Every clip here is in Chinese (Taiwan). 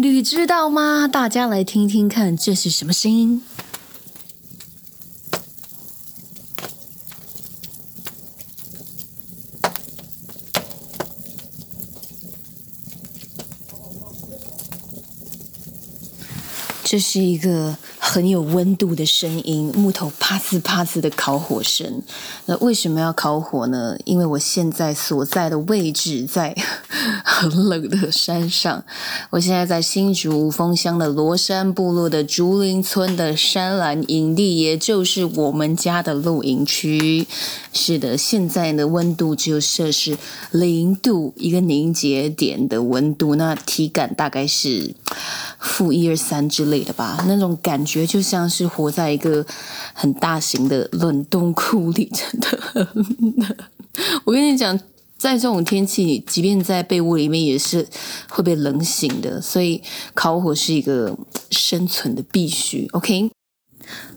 你知道嗎？大家來聽聽看，這是什麼聲音？這是一個很有溫度的聲音，木頭啪呲啪呲的烤火聲。那為什麼要烤火呢？因為我現在所在的位置在很冷的山上，我現在在新竹五峰鄉的羅山部落的竹林村的山蘭營地，也就是我們家的露營區。是的，現在的溫度只有攝氏零度，一個凝結點的溫度，那體感大概是負一二三之類的吧。那種感覺就像是活在一個很大型的冷凍庫裡，真的。 我跟你講。在這種天氣，即便在被窩裡面也是會被冷醒的，所以烤火是一個生存的必須。OK，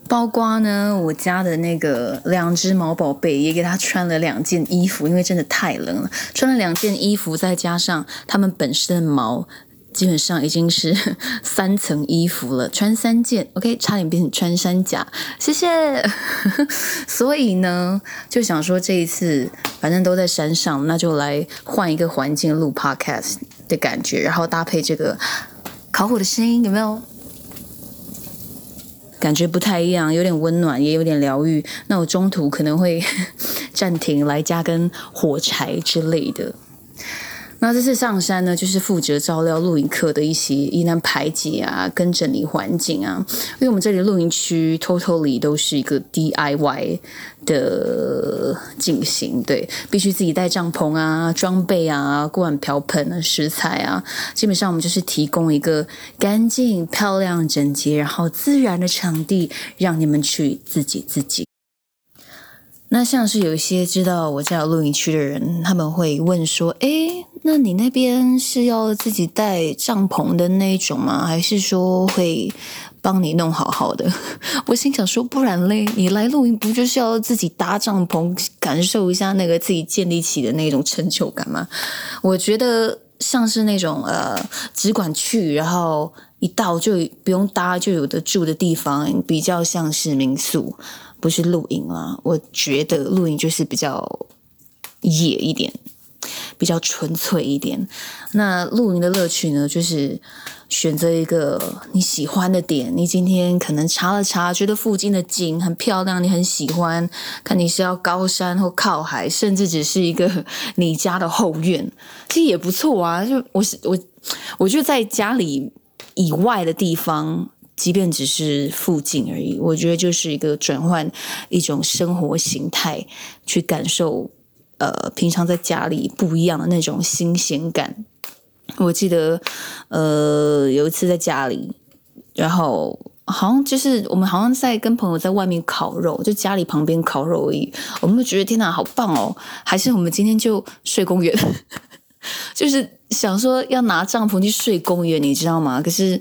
包括呢，我家的那個兩隻毛寶貝也給他穿了兩件衣服，因為真的太冷了，穿了兩件衣服，再加上他們本身的毛。基本上已經是三層衣服了，穿三件，OK，差點變成穿山甲，謝謝。 所以呢，就想說這一次反正都在山上,那就來換一個環境錄 Podcast 的感覺，然後搭配這個烤火的聲音，有沒有？感覺不太一樣，有點溫暖，也有點療癒。那我中途可能會 暫停來加根火柴之類的。那這次上山呢，就是負責照料露營客的一些疑難排解啊，跟整理環境啊。因為我們這裡露營區 totally 都是一個 DIY 的進行，對，必須自己帶帳篷啊、裝備啊、鍋碗瓢盆啊、食材啊。基本上我們就是提供一個乾淨、漂亮、整潔，然後自然的場地，讓你們去自己自己。那像是有一些知道我在露營區的人，他們會問說：“哎。”那你那邊是要自己帶帳篷的那種嗎？還是說會幫你弄好好的？ 我心想說，不然嘞？你來露營不就是要自己搭帳篷，感受一下那個自己建立起的那種成就感嗎？我覺得像是那種呃，只管去，然後一到就不用搭，就有得住的地方，比較像是民宿，不是露營啦。我覺得露營就是比較野一點。比較純粹一點。那露營的樂趣呢，就是選擇一個你喜歡的點。你今天可能查了查，覺得附近的景很漂亮，你很喜歡。看你是要高山或靠海，甚至只是一個你家的後院，其實也不錯啊。就我我，我就在家裡以外的地方，即便只是附近而已，我覺得就是一個轉換一種生活形態，去感受。呃，平常在家裡不一樣的那種新鮮感。我記得，呃，有一次在家裡，然後好像就是我們好像在跟朋友在外面烤肉，就家裡旁邊烤肉而已。我們都覺得天哪，好棒哦！還是我們今天就睡公園， 就是想說要拿帳篷去睡公園，你知道嗎？可是，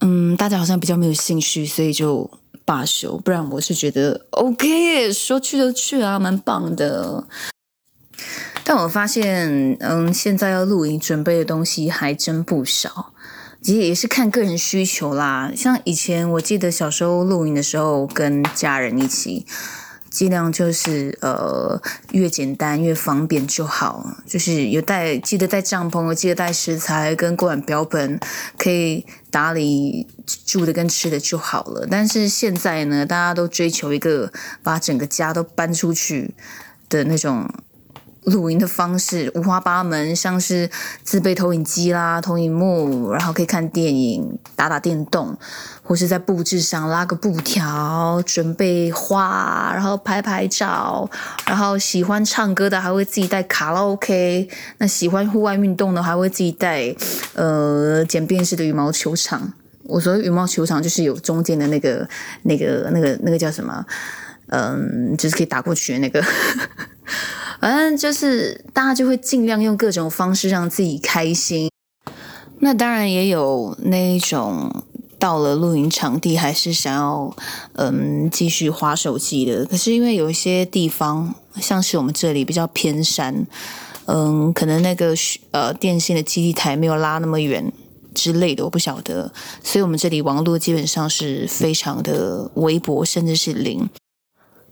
嗯，大家好像比較沒有興趣，所以就罷休。不然我是覺得 OK，說去就去啊，蠻棒的。但我發現，嗯，現在要露營準備的東西還真不少。其實也是看個人需求啦。像以前，我記得小時候露營的時候，跟家人一起，盡量就是呃越簡單越方便就好。就是有帶，記得帶帳篷，記得帶食材跟鍋碗瓢盆，可以打理住的跟吃的就好了。但是現在呢，大家都追求一個把整個家都搬出去的那種。露營的方式五花八門，像是自備投影機啦、投影幕，然後可以看電影、打打電動，或是在布置上拉個布條準備花，然後拍拍照。然後喜歡唱歌的還會自己帶卡拉 OK，那喜歡戶外運動的還會自己帶呃簡便式的羽毛球場。我所謂的羽毛球場就是有中間的那個、那個、那個、那個叫什麼？嗯，就是可以打過去的那個。反正就是大家就會盡量用各種方式讓自己開心。那當然也有那種到了露營場地還是想要嗯，繼續滑手機的。可是因為有一些地方像是我們這裡比較偏山，嗯，可能那個呃電信的基地台沒有拉那麼遠之類的，我不曉得，所以我們這裡網絡基本上是非常的微薄，甚至是零。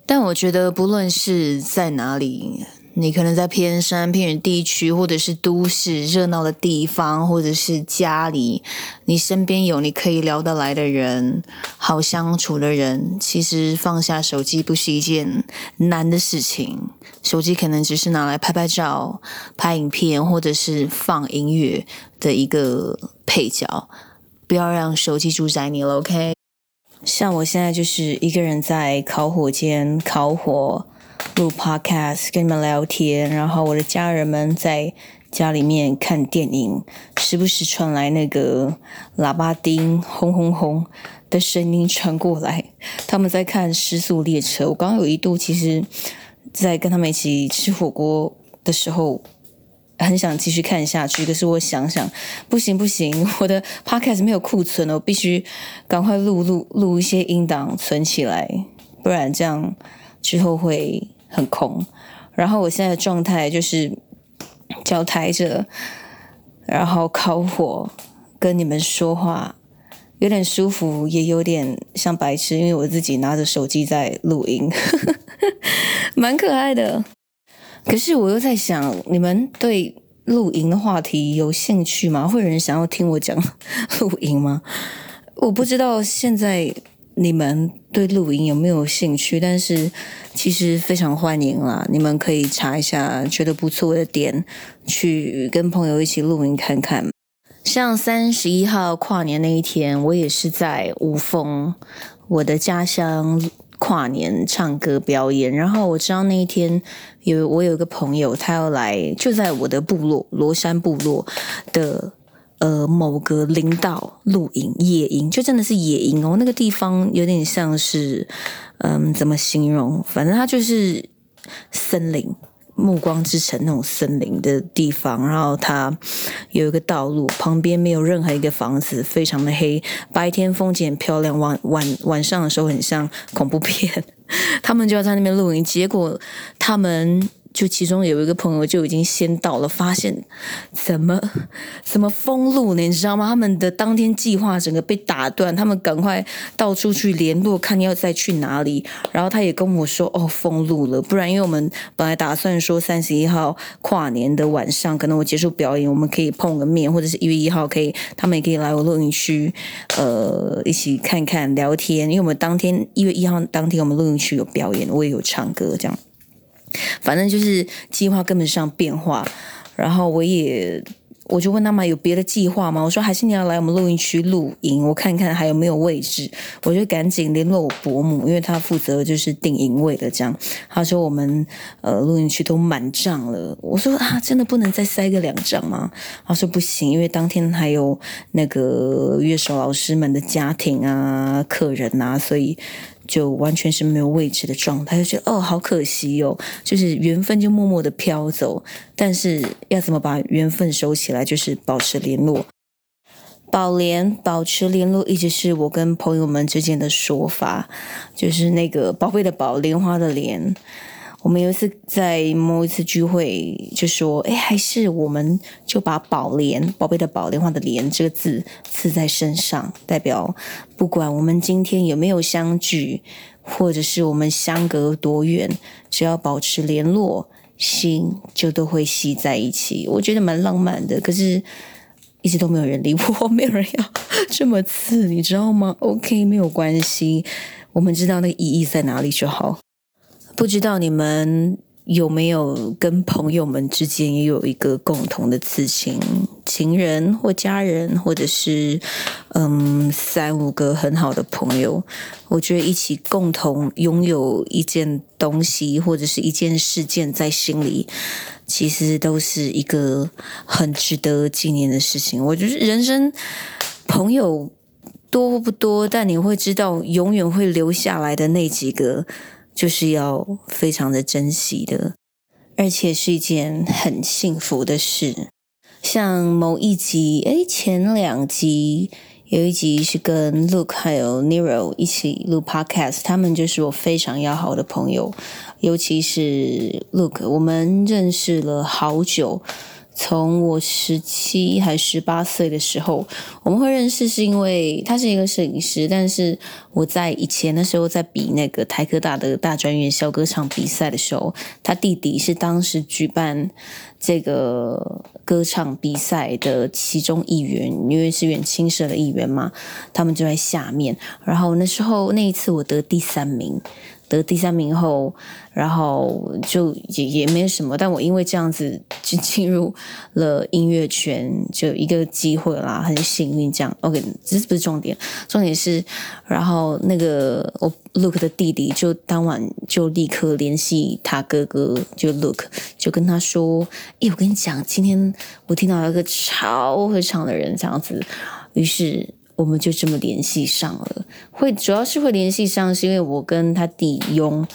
但我覺得，不論是在哪裡，你可能在偏山偏遠地區，或者是都市熱鬧的地方，或者是家裡，你身邊有你可以聊得來的人，好相處的人，其實放下手機不是一件難的事情。手機可能只是拿來拍拍照、拍影片，或者是放音樂的一個配角，不要讓手機主宰你了，OK。像我現在就是一個人在烤火間烤火，錄 podcast 跟你們聊天，然後我的家人們在家裡面看電影，時不時傳來那個喇叭叮轟轟轟的聲音傳過來，他們在看失速列車。我剛剛有一度其實，在跟他們一起吃火鍋的時候。很想繼續看下去，可是我想想，不行不行，我的 podcast 沒有庫存了，我必須趕快錄錄錄一些音檔存起來，不然這樣之後會很空。然後我現在的狀態就是腳抬着，然後烤火，跟你們說話，有點舒服，也有點像白痴，因為我自己拿着手機在錄音，蠻 可愛的。可是我又在想，你們對露營的話題有興趣嗎？會有人想要聽我講露營嗎？我不知道現在你們對露營有沒有興趣，但是其實非常歡迎啦！你們可以查一下，覺得不錯的點，去跟朋友一起露營看看。像三十一號跨年那一天，我也是在五峰，我的家鄉。跨年唱歌表演，然後我知道那一天有我有一個朋友，他要來，就在我的部落羅山部落的呃某個林道露營野營，就真的是野營哦，那個地方有點像是嗯怎麼形容，反正它就是森林。暮光之城那種森林的地方，然後它有一個道路，旁邊沒有任何一個房子，非常的黑。白天風景很漂亮，晚晚晚上的時候很像恐怖片。他們就要在那邊露營，結果他們。就其中有一個朋友就已經先到了，發現怎麼怎麼封路呢？你知道嗎？他們的當天計劃整個被打斷，他們趕快到處去聯絡，看要再去哪裡。然後他也跟我說：“哦，封路了，不然因為我們本來打算說三十一號跨年的晚上，可能我結束表演，我們可以碰個面，或者是一月一號可以，他們也可以來我錄音區，呃，一起看看聊天。因為我們當天一月一號當天我們錄音區有表演，我也有唱歌，這樣。”反正就是計劃趕不上變化，然後我也我就問他們有別的計劃嗎？我說還是你要來我們露營區露營，我看看還有沒有位置。我就趕緊聯絡我伯母，因為她負責就是定營位的這樣。她說我們呃露營區都滿帳了。我說啊，真的不能再塞個兩帳嗎？她說不行，因為當天還有那個樂手老師們的家庭啊、客人啊，所以。就完全是沒有位置的狀態，就覺得哦，好可惜哦，就是緣分就默默的飄走。但是要怎麼把緣分收起來，就是保持聯絡。寶蓮，保持聯絡一直是我跟朋友們之間的說法，就是那個寶貝的寶，蓮花的蓮。我們有一次在某一次聚會就說，哎，還是我們就把“寶蓮寶貝”的“寶蓮”花的“蓮”這個字刺在身上，代表不管我們今天有沒有相聚，或者是我們相隔多遠，只要保持聯絡，心就都會繫在一起。我覺得蠻浪漫的，可是一直都沒有人理我，沒有人要這麼刺，你知道嗎？OK，沒有關係，我們知道那個意義在哪裡就好。不知道你們有沒有跟朋友們之間也有一個共同的事情，情人或家人，或者是嗯，三五個很好的朋友。我覺得一起共同擁有一件東西或者是一件事件，在心裡其實都是一個很值得紀念的事情。我覺得人生朋友多或不多，但你會知道永遠會留下來的那幾個。就是要非常的珍惜的，而且是一件很幸福的事。像某一集，誒，前兩集有一集是跟 Luke 還有 Nero 一起錄 Podcast，他們就是我非常要好的朋友，尤其是 Luke，我們認識了好久。從我十七還十八歲的時候，我們會認識，是因為他是一個攝影師。但是我在以前的時候，在比那個台科大的大專院校歌唱比賽的時候，他弟弟是當時舉辦這個歌唱比賽的其中一員，因為是遠青社的一員嘛，他們就在下面。然後那時候那一次我得第三名。得第三名後，然後就也也沒什麼，但我因為這樣子就進入了音樂圈，就一個機會啦，很幸運這樣。OK，這不是重點，重點是，然後那個我 Look 的弟弟就當晚就立刻聯繫他哥哥，就 Look，就跟他說：“誒，我跟你講，今天我聽到一個超會唱的人這樣子。”於是。我們就這麼聯繫上了，會主要是會聯繫上，是因為我跟他弟佣，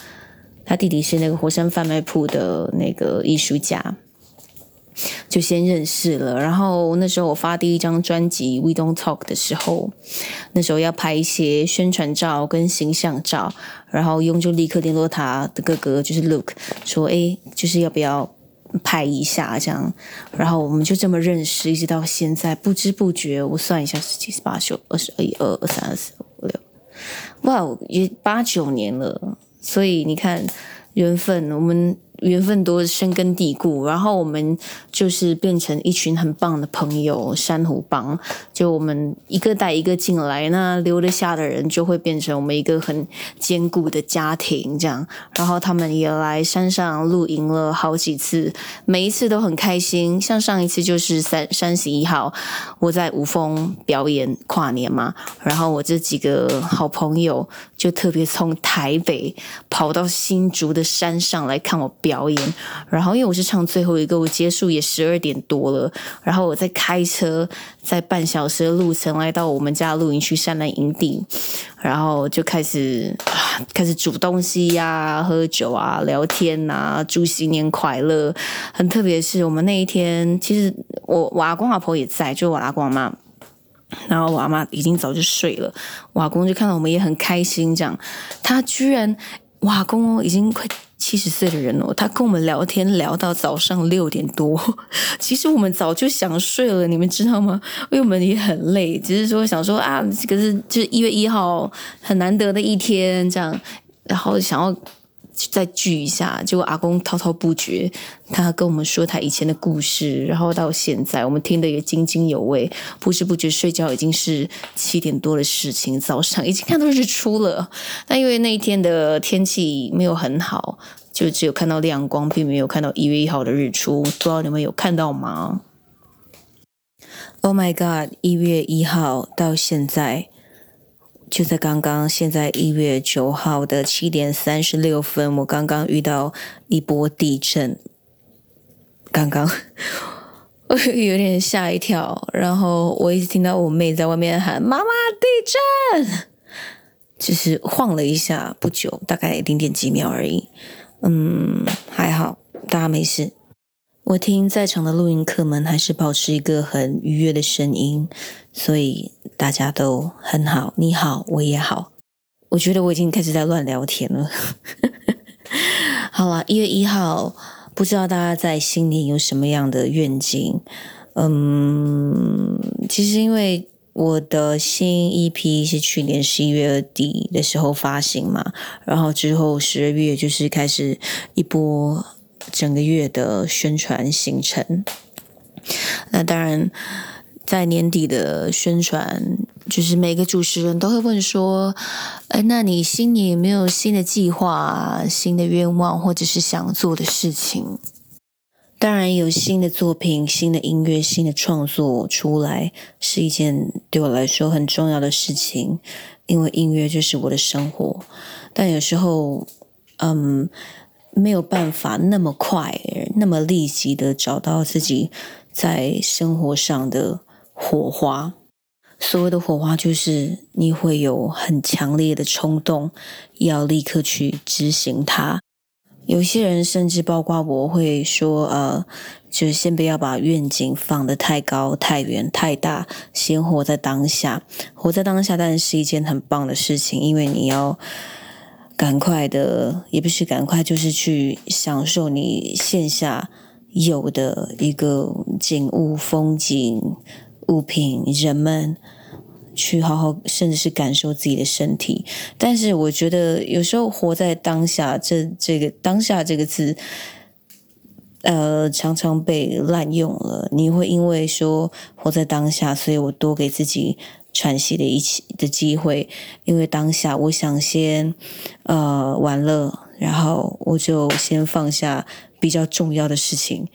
他弟弟是那個火山販賣鋪的那個藝術家，就先認識了。然後那時候我發第一張專輯《We Don't Talk》的時候，那時候要拍一些宣傳照跟形象照，然後邕就立刻聯絡他的哥哥，就是 Look，說誒，就是要不要。拍一下這樣，然後我們就這麼認識，一直到現在，不知不覺，我算一下，十七、十八、九、二十二、一二、二三、二四、五六，哇，也八九年了，所以你看，緣分，我們。緣分多，深根蒂固，然後我們就是變成一群很棒的朋友，珊瑚幫。就我們一個帶一個進來，那留得下的人就會變成我們一個很堅固的家庭，這樣。然後他們也來山上露營了好幾次，每一次都很開心。像上一次就是三三十一號，我在五峰表演跨年嘛，然後我這幾個好朋友就特別從台北跑到新竹的山上來看我表演，表演，然後因為我是唱最後一個，我結束也十二點多了，然後我在開車，在半小時的路程來到我們家露營區山南營地，然後就開始開始煮東西呀、啊、喝酒啊、聊天啊，祝新年快樂。很特別的是，我們那一天其實我，我阿公阿婆也在，就我阿公阿媽，然後我阿媽已經早就睡了，我阿公就看到我們也很開心，這樣他居然。瓦工哦，公公已經快七十歲的人了，他跟我們聊天聊到早上六點多。其實我們早就想睡了，你們知道嗎？因為我們也很累，只是說想說啊，可、這個、是就是一月一號很難得的一天，這樣，然後想要。再聚一下，結果阿公滔滔不絕，他跟我們說他以前的故事，然後到現在，我們聽得也津津有味，不知不覺睡覺已經是七點多的事情。早上已經看到日出了，但因為那一天的天氣沒有很好，就只有看到亮光，並沒有看到一月一號的日出。不知道你們有看到嗎？Oh my god！一月一號到現在。就在剛剛，現在一月九號的七點三十六分，我剛剛遇到一波地震，剛剛我 有點嚇一跳，然後我一直聽到我妹在外面喊“媽媽，地震”，就是晃了一下，不久大概零點幾秒而已，嗯，還好，大家沒事。我聽在場的錄音客們還是保持一個很愉悅的聲音，所以大家都很好。你好，我也好。我覺得我已經開始在亂聊天了。 好啦，一月一號，不知道大家在新年有什麼樣的願景？嗯，其實因為我的新 EP 是去年十一月底的時候發行嘛，然後之後十二月就是開始一波。整個月的宣傳行程，那當然在年底的宣傳，就是每個主持人都會問說：“誒那你心裡有沒有新的計劃、新的願望，或者是想做的事情？”當然，有新的作品、新的音樂、新的創作出來是一件對我來說很重要的事情，因為音樂就是我的生活。但有時候，嗯。沒有辦法那麼快，那麼立即的找到自己在生活上的火花。所謂的火花，就是你會有很強烈的衝動，要立刻去執行它。有些人甚至包括我會說，呃，就先不要把願景放得太高、太遠、太大，先活在當下。活在當下當然是一件很棒的事情，因為你要。趕快的，也不是趕快，就是去享受你線下有的一個景物、風景、物品、人們，去好好，甚至是感受自己的身體。但是我覺得，有時候活在當下，這這個“當下”這個詞，呃，常常被濫用了。你會因為說活在當下，所以我多給自己。喘息的一起的機會，因為當下我想先呃玩樂，然後我就先放下比較重要的事情，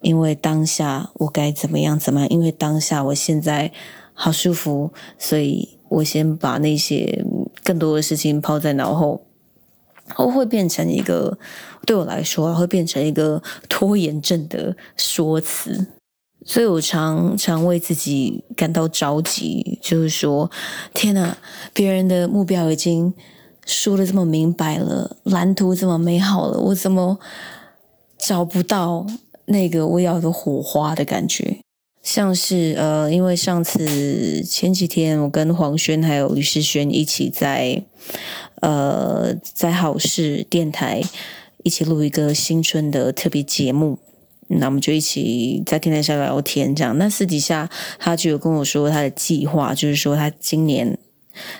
因為當下我該怎麼樣怎麼樣，因為當下我現在好舒服，所以我先把那些更多的事情拋在腦後，我會變成一個對我來說、啊、會變成一個拖延症的說辭。所以我常常為自己感到着急，就是說，天哪，別人的目標已經說的這麼明白了，藍圖這麼美好了，我怎麼找不到那個我要的火花的感覺？像是呃，因為上次前幾天，我跟黃軒還有於詩軒一起在呃在好事電台一起錄一個新春的特別節目。那我們就一起在天台上聊天，這樣。那私底下他就有跟我說他的計劃，就是說他今年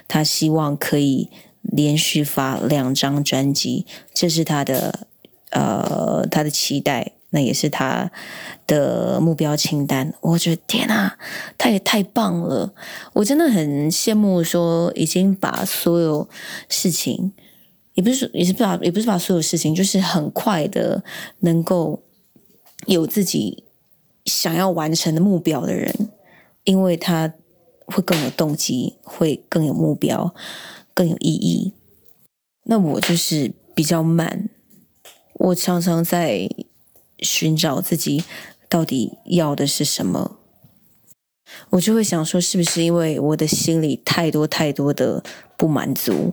他希望可以連續發兩張專輯，這是他的呃他的期待，那也是他的目標清單。我覺得天啊，他也太棒了，我真的很羨慕，說已經把所有事情，也不是說也是把也不是把所有事情，就是很快的能夠。有自己想要完成的目標的人，因為他會更有動機，會更有目標，更有意義。那我就是比較慢，我常常在尋找自己到底要的是什麼。我就會想說，是不是因為我的心裡太多太多的不滿足，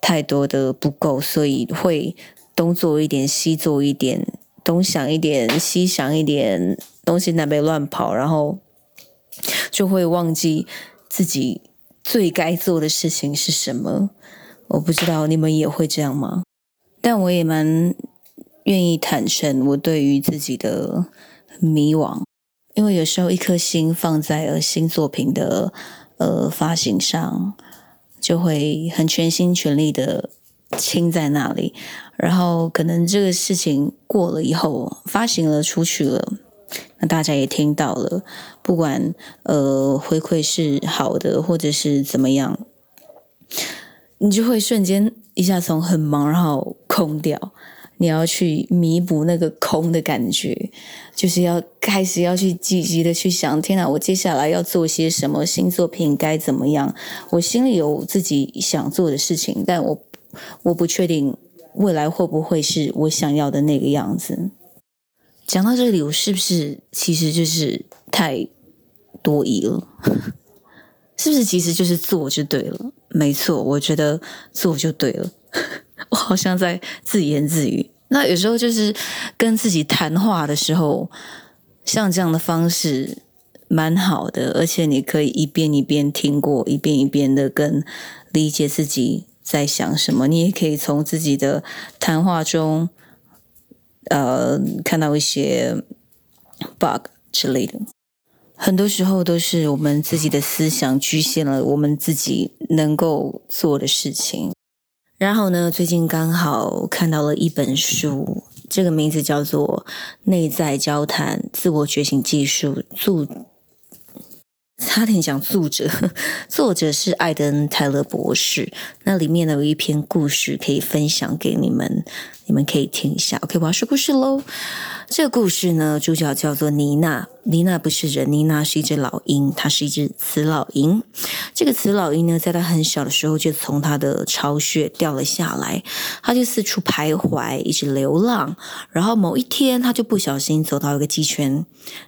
太多的不夠，所以會東做一點，西做一點。東想一點，西想一點，東西南北亂跑，然後就會忘記自己最該做的事情是什麼。我不知道你們也會這樣嗎？但我也蠻願意坦承我對於自己的迷惘，因為有時候一顆心放在了新作品的呃發行上，就會很全心全力的傾在那裡。然後可能這個事情過了以後，發行了出去了，那大家也聽到了，不管呃回饋是好的或者是怎麼樣，你就會瞬間一下從很忙然後空掉，你要去彌補那個空的感覺，就是要開始要去積極的去想，天哪，我接下來要做些什麼新作品該怎麼樣？我心裡有自己想做的事情，但我我不確定。未來會不會是我想要的那個樣子？講到這裡，我是不是其實就是太多疑了？是不是其實就是做就對了？沒錯，我覺得做就對了。我好像在自言自語。那有時候就是跟自己談話的時候，像這樣的方式蠻好的，而且你可以一遍一遍聽過，一遍一遍的跟理解自己。在想什麼？你也可以從自己的談話中，呃，看到一些 bug 之類的。很多時候都是我們自己的思想局限了我們自己能夠做的事情。然後呢，最近剛好看到了一本書，這個名字叫做《內在交談：自我覺醒技術》。他挺講作者，作者是艾登泰勒博士。那裡面呢，有一篇故事可以分享給你們，你們可以聽一下。OK，我要說故事嘍。這個故事呢，主角叫做妮娜。妮娜不是人，妮娜是一隻老鷹，她是一隻雌老鷹。這個雌老鷹呢，在它很小的時候就從它的巢穴掉了下來，它就四處徘徊，一直流浪。然後某一天，它就不小心走到一個雞群。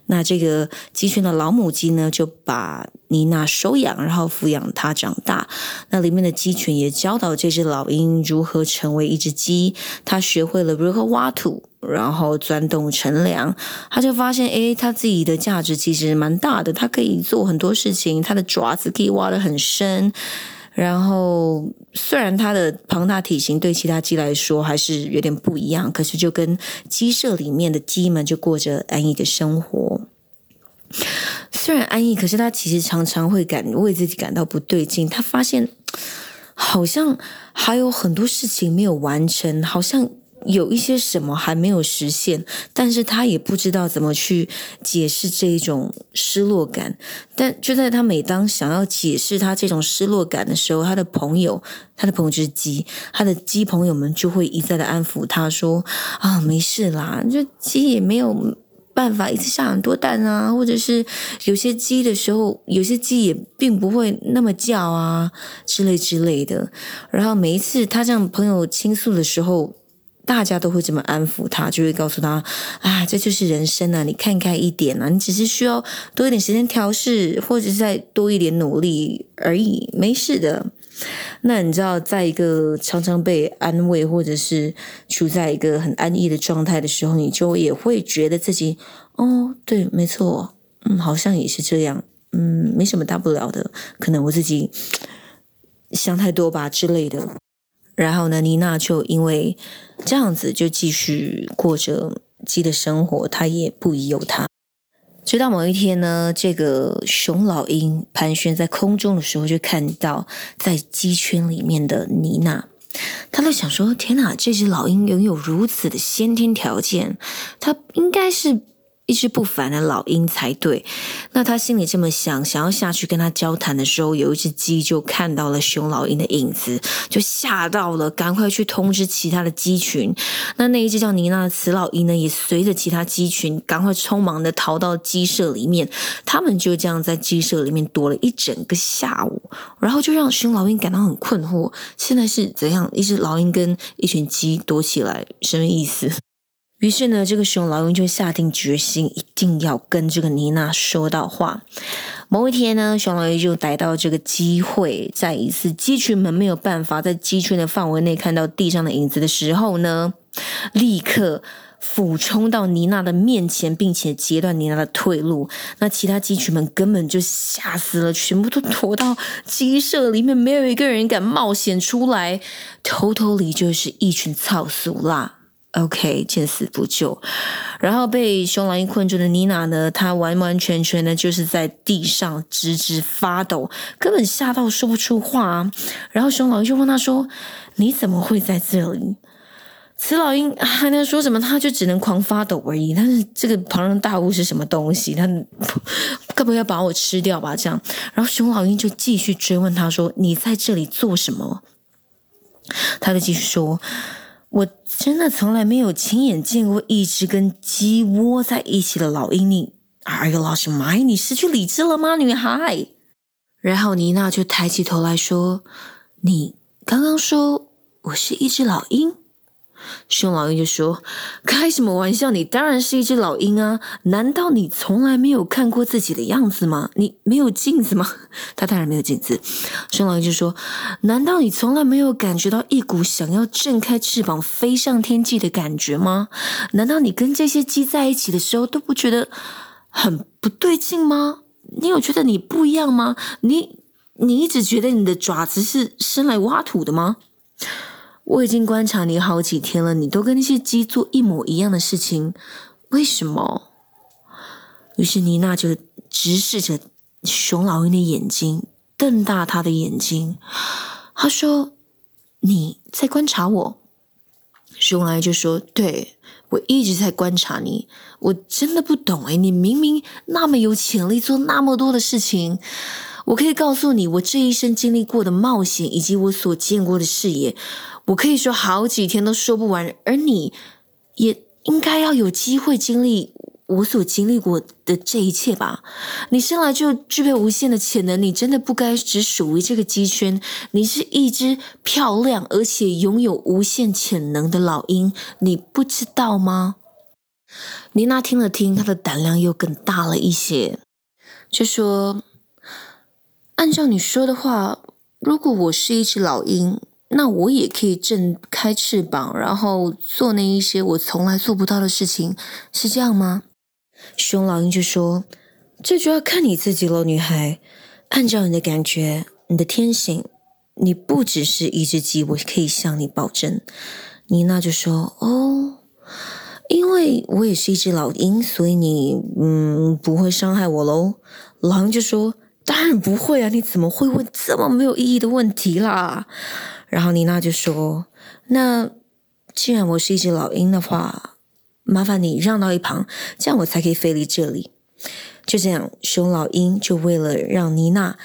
那這個雞群的老母雞呢，就把妮娜收養，然後撫養它長大。那裡面的雞群也教導這隻老鷹如何成為一隻雞，它學會了如何挖土。然後鑽洞乘涼，他就發現，哎，他自己的價值其實蠻大的，他可以做很多事情，他的爪子可以挖得很深。然後，雖然他的龐大體型對其他雞來說還是有點不一樣，可是就跟雞舍裡面的雞們就過着安逸的生活。雖然安逸，可是他其實常常會感為自己感到不對勁，他發現好像還有很多事情沒有完成，好像。有一些什麼還沒有實現，但是他也不知道怎麼去解釋這一種失落感。但就在他每當想要解釋他這種失落感的時候，他的朋友，他的朋友就是雞，他的雞朋友們就會一再的安撫他說：“啊、哦，沒事啦，就雞也沒有辦法一次下很多蛋啊，或者是有些雞的時候，有些雞也並不會那麼叫啊之類之類的。”然後每一次他向朋友傾訴的時候。大家都會這麼安撫他，就會告訴他：“啊，這就是人生啊，你看開一點啊，你只是需要多一點時間調適，或者是再多一點努力而已，沒事的。”那你知道，在一個常常被安慰，或者是處在一個很安逸的狀態的時候，你就也會覺得自己：“哦，對，沒錯，嗯，好像也是這樣，嗯，沒什麼大不了的，可能我自己想太多吧之類的。”然後呢，妮娜就因為這樣子，就繼續過着雞的生活，她也不疑有他。直到某一天呢，這個雄老鷹盤旋在空中的時候，就看到在雞圈裡面的妮娜，他在想說：“天哪，這隻老鷹擁有如此的先天條件，它應該是。”一隻不凡的老鷹才對。那他心裡這麼想，想要下去跟他交談的時候，有一隻雞就看到了雄老鷹的影子，就嚇到了，趕快去通知其他的雞群。那那一只叫妮娜的雌老鷹呢，也隨着其他雞群，趕快匆忙地逃到雞舍裡面。他們就這樣在雞舍裡面躲了一整個下午，然後就讓雄老鷹感到很困惑。現在是怎樣？一隻老鷹跟一群雞躲起來，什麼意思？於是呢，這個熊老鷹就下定決心，一定要跟這個妮娜說到話。某一天呢，熊老鷹就逮到這個機會，在一次雞群們沒有辦法在雞群的範圍內看到地上的影子的時候呢，立刻俯衝到妮娜的面前，並且截斷妮娜的退路。那其他雞群們根本就嚇死了，全部都躲到雞舍裡面，沒有一個人敢冒險出來。偷偷裡就是一群草俗啦。OK，見死不救。然後被熊老鷹困住的妮娜呢？她完完全全的就是在地上直直發抖，根本嚇到說不出話啊。然後熊老鷹就問她說：“你怎麼會在這裡？”雌老鷹還能說什麼？他就只能狂發抖而已。但是這個龐然大物是什麼東西？他不，不要把我吃掉吧？這樣。然後熊老鷹就繼續追問她說：“你在這裡做什麼？”她就繼續說。我真的從來沒有親眼見過一隻跟雞窩在一起的老鷹。你，Are you lost my mind? 你失去理智了嗎，女孩？然後妮娜就抬起頭來說：“你剛剛說我是一隻老鷹。”兇老鷹就說：“開什麼玩笑？你當然是一只老鷹啊！難道你從來沒有看過自己的樣子嗎？你沒有鏡子嗎？他當然沒有鏡子。兇老鷹就說：‘難道你從來沒有感覺到一股想要振開翅膀飛上天際的感覺嗎？難道你跟這些雞在一起的時候都不覺得很不對勁嗎？你有覺得你不一樣嗎？你你一直覺得你的爪子是生來挖土的嗎？’我已經觀察你好幾天了，你都跟那些雞做一模一樣的事情，為什麼？於是尼娜就直視着熊老鷹的眼睛，瞪大他的眼睛。他說：“你在觀察我。”熊老鷹就說：“對，我一直在觀察你，我真的不懂誒、哎、你明明那麼有潛力，做那麼多的事情。”我可以告訴你，我這一生經歷過的冒險，以及我所見過的視野，我可以說好幾天都說不完。而你也應該要有機會經歷我所經歷過的這一切吧？你生來就具備無限的潛能，你真的不該只屬於這個雞圈。你是一隻漂亮而且擁有無限潛能的老鷹，你不知道嗎？妮娜聽了聽，她的膽量又更大了一些，就說。按照你說的話，如果我是一隻老鷹，那我也可以張開翅膀，然後做那一些我從來做不到的事情，是這樣嗎？熊老鷹就說：“這就要看你自己咯，女孩。按照你的感覺，你的天性，你不只是一隻雞，我可以向你保證。”妮娜就說：“哦，因為我也是一隻老鷹，所以你嗯不會傷害我嘍。”老鷹就說。當然不會啊！你怎麼會問這麼沒有意義的問題啦？然後妮娜就說：“那既然我是一隻老鷹的話，麻煩你讓到一旁，這樣我才可以飛離這裡。”就這樣，熊老鷹就為了讓妮娜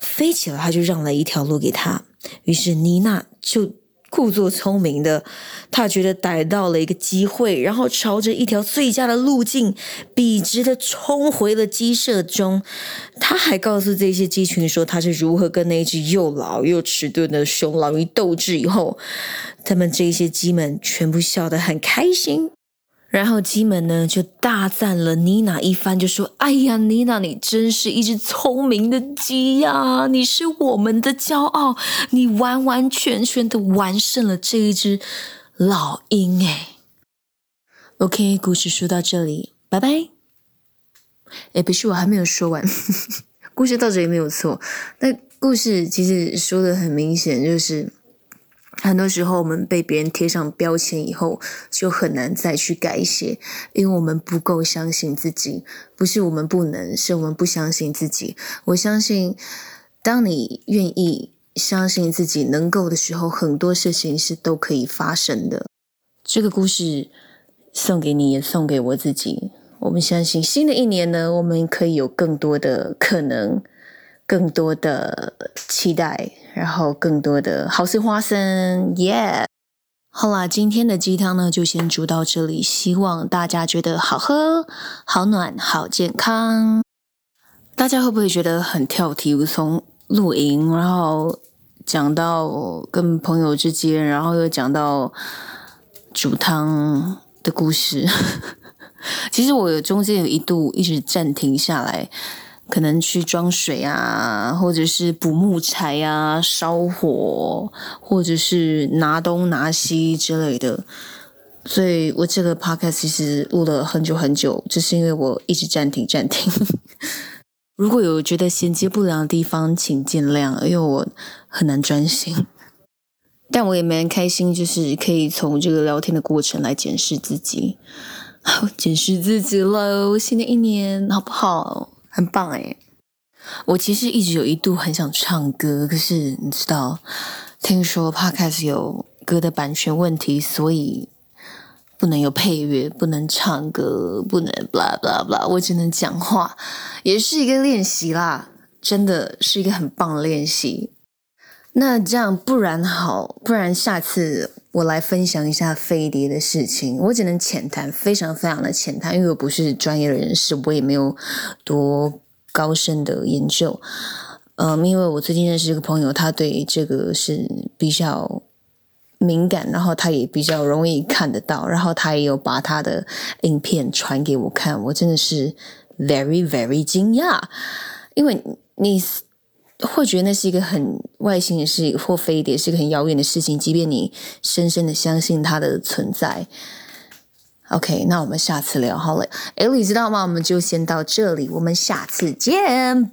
飛起來，他就讓了一條路給她。於是妮娜就。故作聰明的他覺得逮到了一個機會，然後朝着一條最佳的路徑筆直的衝回了雞舍中。他還告訴這些雞群說，他是如何跟那隻又老又遲鈍的雄狼一鬥智以後，他們這些雞們全部笑得很開心。然後雞們呢就大讚了妮娜一番，就說：“哎呀，妮娜，你真是一只聰明的雞呀、啊！你是我們的驕傲，你完完全全的完勝了這一只老鷹、欸。”哎，OK，故事說到這裡，拜拜。哎、欸，不是，我還沒有說完， 故事到這裡沒有錯。但故事其實說得很明顯，就是。很多時候，我們被別人貼上標籤以後，就很難再去改寫，因為我們不夠相信自己。不是我們不能，是我們不相信自己。我相信，當你願意相信自己能夠的時候，很多事情是都可以發生的。這個故事送給你，也送給我自己。我們相信，新的一年呢，我們可以有更多的可能，更多的期待。然後更多的好事花生耶！Yeah! 好啦，今天的雞湯呢，就先煮到這裡，希望大家覺得好喝、好暖、好健康。大家會不會覺得很跳題？我從露營，然後講到跟朋友之間，然後又講到煮湯的故事。 其實我有中間有一度一直暫停下來。可能去裝水啊，或者是補木柴啊，燒火，或者是拿東拿西之類的。所以我這個 podcast 其實錄了很久很久，就是因為我一直暫停暫停。 如果有覺得銜接不良的地方，請見諒，因為我很難專心。但我也蠻開心，就是可以從這個聊天的過程來檢視自己， 檢視自己嘍。新的一年，好不好？很棒誒、欸，我其實一直有一度很想唱歌，可是你知道，聽說 Podcast 有歌的版權問題，所以不能有配樂，不能唱歌，不能 blah blah blah，我只能講話，也是一個練習啦，真的是一個很棒的練習。那這樣，不然好，不然下次我來分享一下飛碟的事情。我只能淺談，非常非常的淺談，因為我不是專業的人士，我也沒有多高深的研究。嗯，因為我最近認識一個朋友，他對這個是比較敏感，然後他也比較容易看得到，然後他也有把他的影片傳給我看，我真的是 very very 驚訝，因為你。會覺得那是一個很外星的事，或飛碟是一個很遙遠的事情，即便你深深的相信它的存在。OK，那我們下次聊好了。Ellie，欸，你知道嗎？我們就先到這裡，我們下次見。